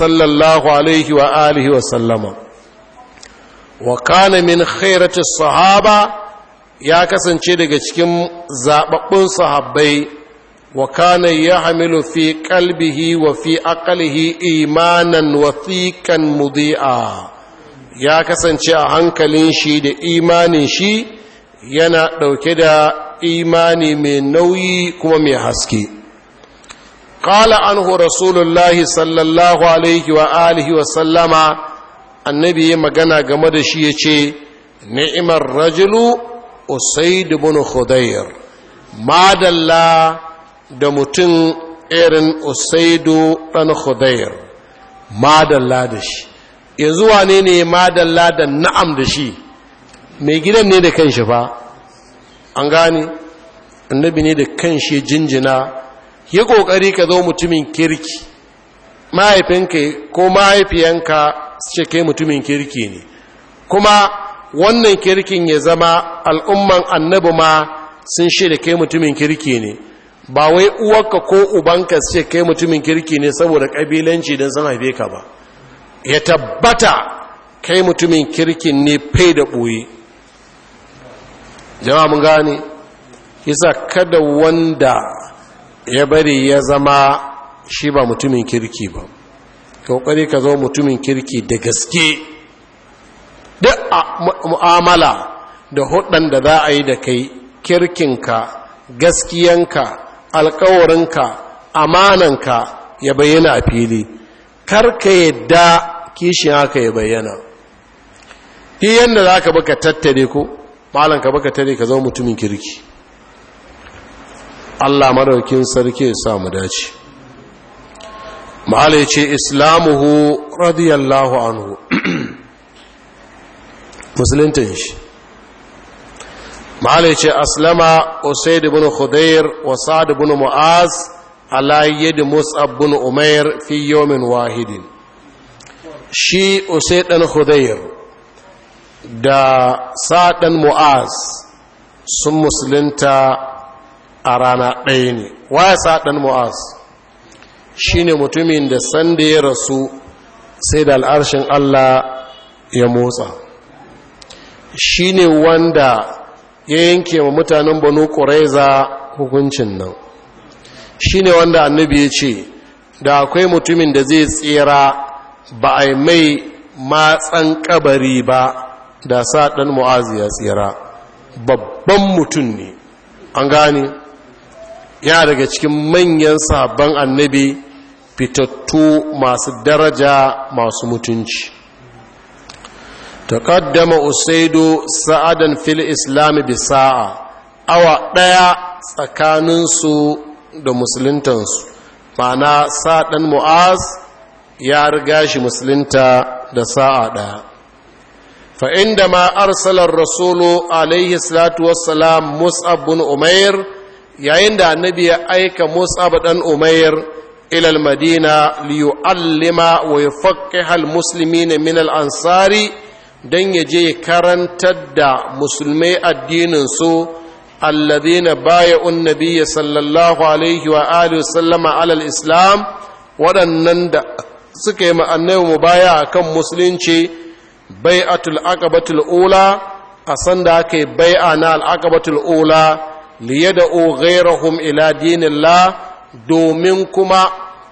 sallallahu alaihi wa alihi wa sallama wa kana min khairati sahaba ya kasance daga cikin zababbun sahabbai wa kana yahmilu fi qalbihi wa fi aqlihi imanan wathiqan mudi'a ya kasance a hankalin shi da imanin shi yana dauke da imani mai nauyi kuma mai haske qala anhu rasulullahi sallallahu alaihi wa alihi wa sallama annabi ya magana game da shi ya ce ni'imar rajulu usaid ibn khudayr madalla da mutum irin usaidu dan khudayr madalla da shi yanzu wane ne madalla da na'am da shi mai gidan ne da kanshi fa an gane annabi ne da kanshi jinjina ya kokari ka zo mutumin kirki mahaifinka ko mahaifiyanka ce kai mutumin kirki ne kuma wannan kirkin ya zama al'umman annabi ma sun shi da kai mutumin kirki ne ba wai uwarka ko ubanka su ce kai mutumin kirki ne saboda kabilanci don sun haife ka ba ya tabbata kai mutumin kirkin ne fai da ɓoye jama'a mun gane isa kada wanda ya bari ya zama shi ba mutumin kirki ba kokari ka zama mutumin kirki da gaske duk mu'amala da hudun da za a yi da kai kirkinka gaskiyanka alkawarinka amananka ya bayyana a fili karka yadda kishin haka ya bayyana ɗi yadda za ka baka tattare ko ka baka tare ka zama mutumin kirki allah maraukin sarki ya samu dace mahala ce islamuhu radiyallahu anhu musuluntin shi mahala ce aslama usaid ibn khudair wa sa'd ibn mu'az ala yadi mus'ab ibn umair fi yawmin wahidin shi usaid ibn khudair da sa'd mu'az sun musulunta a rana ɗaya ne waya sa'd mu'az shine mutumin da sanda ya rasu sai da al'arshin Allah ya motsa shine wanda ya yanke wa mutanen banu ƙuraiza hukuncin nan shine wanda annabi ya ce da akwai mutumin da zai tsira ba a mai matsan kabari ba da sa ɗan mu'azi ya tsira babban mutum ne an gane ya daga cikin manyan sabon annabi fitattu masu daraja masu mutunci taƙaddama usaidu sa'adan fil islami bi sa'a awa ɗaya tsakaninsu da musuluntansu ma'ana sa'adan mu'az ya riga shi musulunta da sa'a ɗaya fa'in da ma arsalar rasulu alaihi salatu wassalam mus'ab bin umair yayin da annabi ya aika mus'ab ɗan umair ilal إلى المدينة ليعلم ويفقه المسلمين من الأنصار don ya je karantar da musulmai addininsu alladhina baya unnabiyya sallallahu alaihi wa alihi sallama alal islam waɗannan da suka yi ma'annai mu baya akan musulunci bai'atul aqabatul ula a san da aka yi bai'a na al'aqabatul ula liyada'u ghairahum ila dinillah domin kuma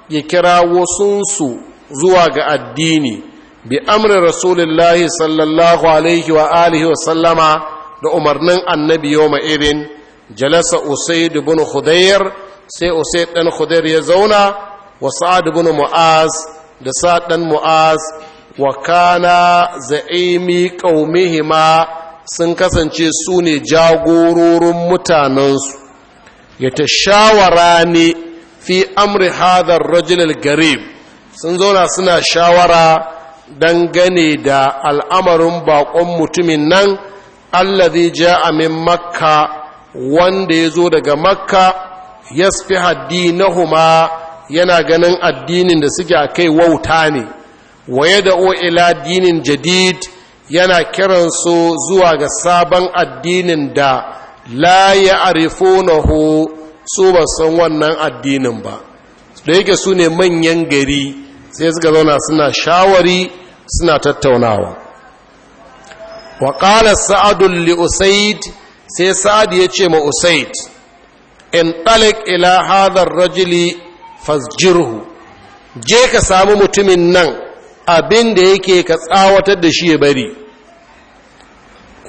ya kira wasunsu zuwa ga addini bi amri rasulullahi sallallahu alaihi wa alihi wa sallama da umarnin annabi yawma irin jalasa usaid ibn khudayr sai usaid dan khudayr ya zauna wa sa'ad ibn mu'az da sa'ad dan mu'az wa kana za'imi qaumihima sun kasance su ne jagororin mutanensu ya ta shawara ne fi amri hadar rajinal garib sun zauna suna shawara dangane da al'amarin bakon mutumin nan allazi ja amin makka wanda ya zo daga makka yasfi huma yana ganin addinin da suke a kai wauta ne waye da o ila dinin jadid yana kiran su zuwa ga sabon addinin da la ya su ba san wannan addinin ba da yake su ne manyan gari sai suka zauna suna shawari suna tattaunawa wa ƙala sa'adun li usaid sai sa'ad ya ce ma usaid in ɗalik ila hadar rajili fasjirhu je ka samu mutumin nan abin da yake ka tsawatar da shi ya bari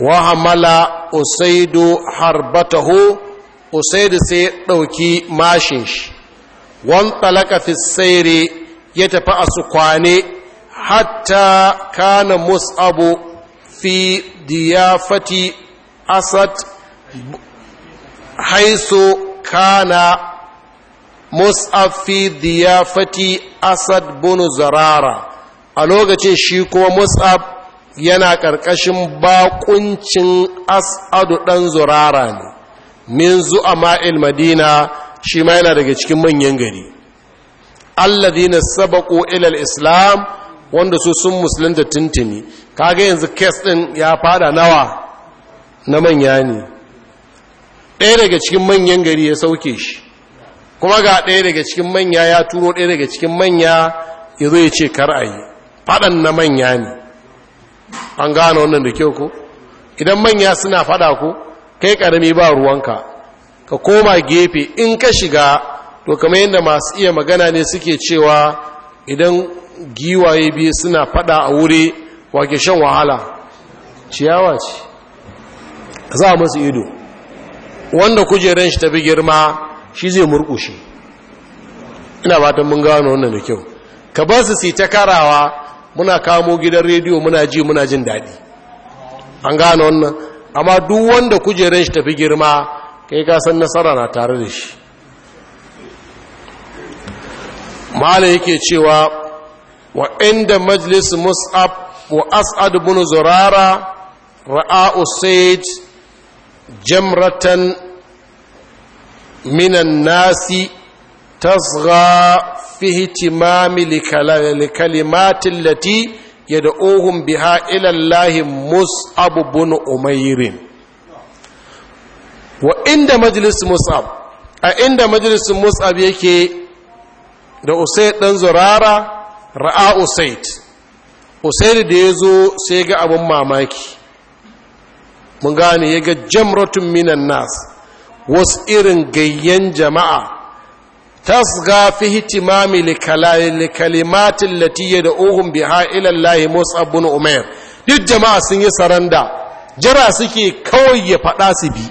wa hamala usaidu harbatahu usaidu sai ɗauki mashin shi wan talaka fi ya tafi a su kwane hatta kana mus'abu fi diyafati asad haisu kana mus'ab fi diyafati asad bunu zarara a lokacin shi kuma mus'ab yana ƙarƙashin bakuncin as'adu ɗan zurara ne min ma'il madina shi ma yana daga cikin manyan gari alladhina sabaqu ila islam wanda su sun da tuntuni kaga yanzu kes din ya fada nawa na manya ne ɗaya daga cikin manyan gari ya sauke shi kuma ga ɗaya daga cikin manya ya turo ɗaya daga cikin manya ya zo ya ce kar a yi faɗan na manya ne an gane wannan da kyau ko idan manya suna faɗa ko kai karami ba ruwanka ka koma gefe in ka shiga to kamar yadda masu iya magana ne suke cewa idan giwaye biyu suna fada a wuri wake shan wahala ciyawa ce za masu ido wanda kujeran shi tafi girma shi zai murkushe ina ba ta mun gano wannan da kyau ka ba su si ta karawa muna kamo gidan rediyo muna ji muna jin daɗi an gano wannan amma duk wanda kujerar shi tafi girma kai ka san nasara na tare da shi mala yake cewa wa inda majlis mus'ab wa as'ad ibn zurara ra'a usayd jamratan minan nasi Tasgha, في اهتمام لكلمات allati ya da ohun biha ilallahi mus'abu bin wa inda majalis mus'ab a inda majlis mus'ab yake da usaid dan zurara ra'a usaid usaid da yazo sai ga abin mamaki mun gane yaga ga jamratun minan nas wasu irin gayyan jama'a tasga fi hitimami likalimatin latiye da ohun biha ilallahi musab bin umair duk jama'a sun yi saranda jira suke kawai ya faɗa su bi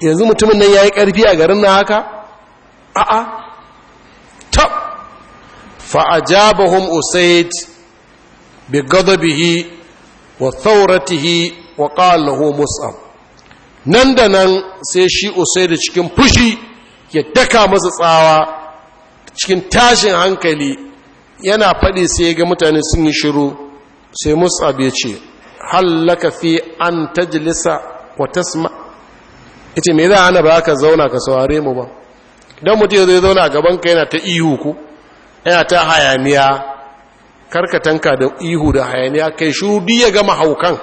yanzu mutumin nan ya yi ƙarfi a garin na haka a'a tab fa'ajabahum usaid bi gadabihi wa thauratihi wa qala mus'ab nan da nan sai shi usaid cikin fushi ya daka masa tsawa cikin tashin hankali yana faɗi sai ya ga mutane sun yi shiru sai musab ya ce hallaka fi an tajlisa wa tasma ce me za a ana ba ka zauna ka saurare mu ba dan mutum zai zauna gaban ka yana ta ihu ku yana ta hayaniya karkatanka da ihu da hayaniya kai shudi ya gama haukan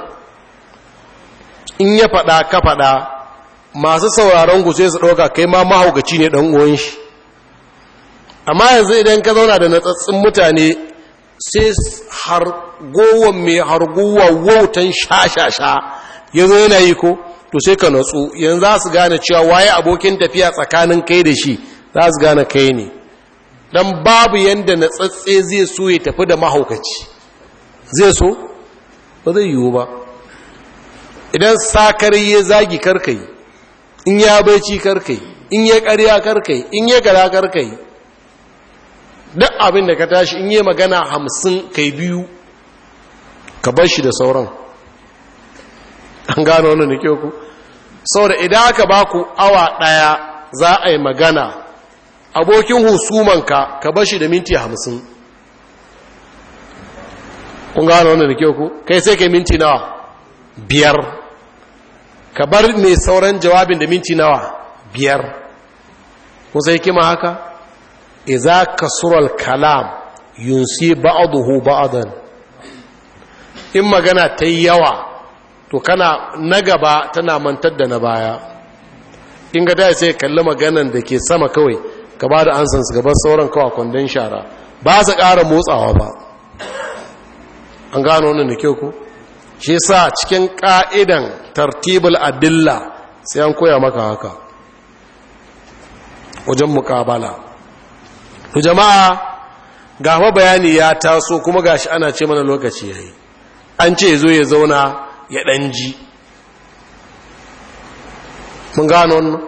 in ya faɗa ka faɗa masu sauraron ku su ɗauka kai ma mahaukaci ne ɗan uwan shi amma yanzu idan ka zauna da natsatsin mutane sai hargowan mai hargowa wautan sha-sha-sha ya zo yana yi ko to sai ka natsu yanzu za su gane cewa waye abokin tafiya tsakanin kai da shi za su gane kai ne don babu yadda natsatse zai so ya tafi da mahaukaci zai so ba zai yiwu ba idan sakari ya zagi karkai in ya baici karkai in ya karya karkai in ya gara karkai duk abin da ka tashi in yi magana hamsin kai biyu ka bar shi da sauran an gano wani nake ku saboda idan aka baku awa daya za a yi magana abokin husumanka ka bar shi da minti hamsin kun gano wani nake ku kai sai kai minti nawa biyar ka bar mai sauran jawabin da minti nawa biyar kusa kima haka iza kasural kalam yunsi ba'aduhu ba'adan in magana ta yi yawa to kana na gaba tana mantar da na baya in ga dai sai kalli maganan da ke sama kawai ka ba da ansan su gaban sauran kawa kwandon shara ba su ƙara motsawa ba an gano wannan da kyau ko? shi sa cikin ƙa'idan tartibul adilla sai an koya maka haka wajen mukabala to jama'a ga ma bayani ya taso kuma ga gashi ana ce mana lokaci ya yi an ce zo ya zauna ya ɗan ji mun gano wannan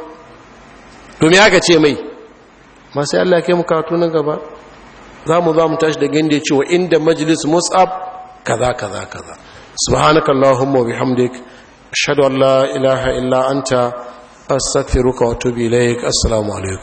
domin haka ce mai masu yi allake mukatu na gaba za mu za mu tashi da gindi cewa inda majalis mus'ab kaza kaza kaza subhanakallahumma bihamdik ashhadu an la ilaha illa anta astaghfiruka wa atubu ilaik assalamu alaikum